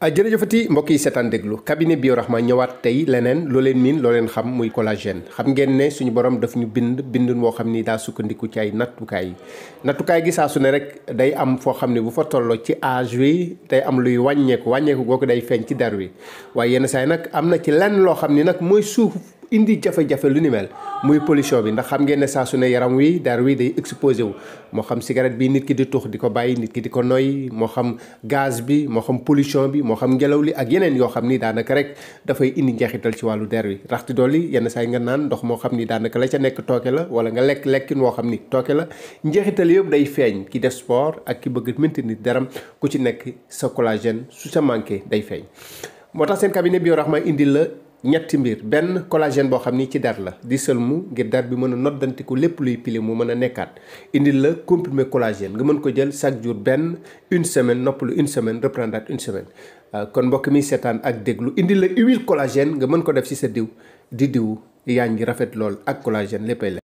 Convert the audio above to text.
Ah, jërëjëfati mbokk yi seetaan déglu cabinet Biorahma ñëwaat tey leneen loo leen miin loo leen xam muy collagène xam ngeen ne suñu borom daf ñu bind bindun woo xam ni daa sukkandiku ci ay nattukaay yi nattukaay gi saa su ne rek day am foo xam ne bu fa tolloo ci âge wi tey am luy wàññeeku wàññeeku googu day feeñ ci dar wi waaye yenn saa yi nag am na ci lenn loo xam ni nag mooy suuf indi jafe-jafe lu ni mel muy pollution bi ndax xam ngeen ne saa su ne yaram wi dara wi day exposé wu moo xam cigarette bi nit ki di tux di ko bàyyi nit ki di ko noy moo xam gaz bi moo xam pollution bi moo xam ngelaw li ak yeneen yoo xam ni daanaka rek dafay indi njeexital ci wàllu der wi raxti dolli yenn saa yi nga naan ndox moo xam ni daanaka la ca nekk tooke la wala nga lekk lekkin woo xam ni tooke la njeexital yëpp day feeñ ki def sport ak ki bëgg maintenir deram ku ci nekk sa collagène su sa manqué day feeñ ñetti mbir benn collagène boo xam ni ci der la di sëlmu ngir der bi mën a noddantiku lépp luy pile mu mën a nekkaat indi la comprimer collagène nga mën ko jël chaque jour benn une semaine noppalu une semaine reprendaat une semaine. Euh, kon mbokk mi seetaan ak déglu indil la huile collagène nga mën ko def ci sa diw di diw yaa ngi rafet lool ak collagène léppay la.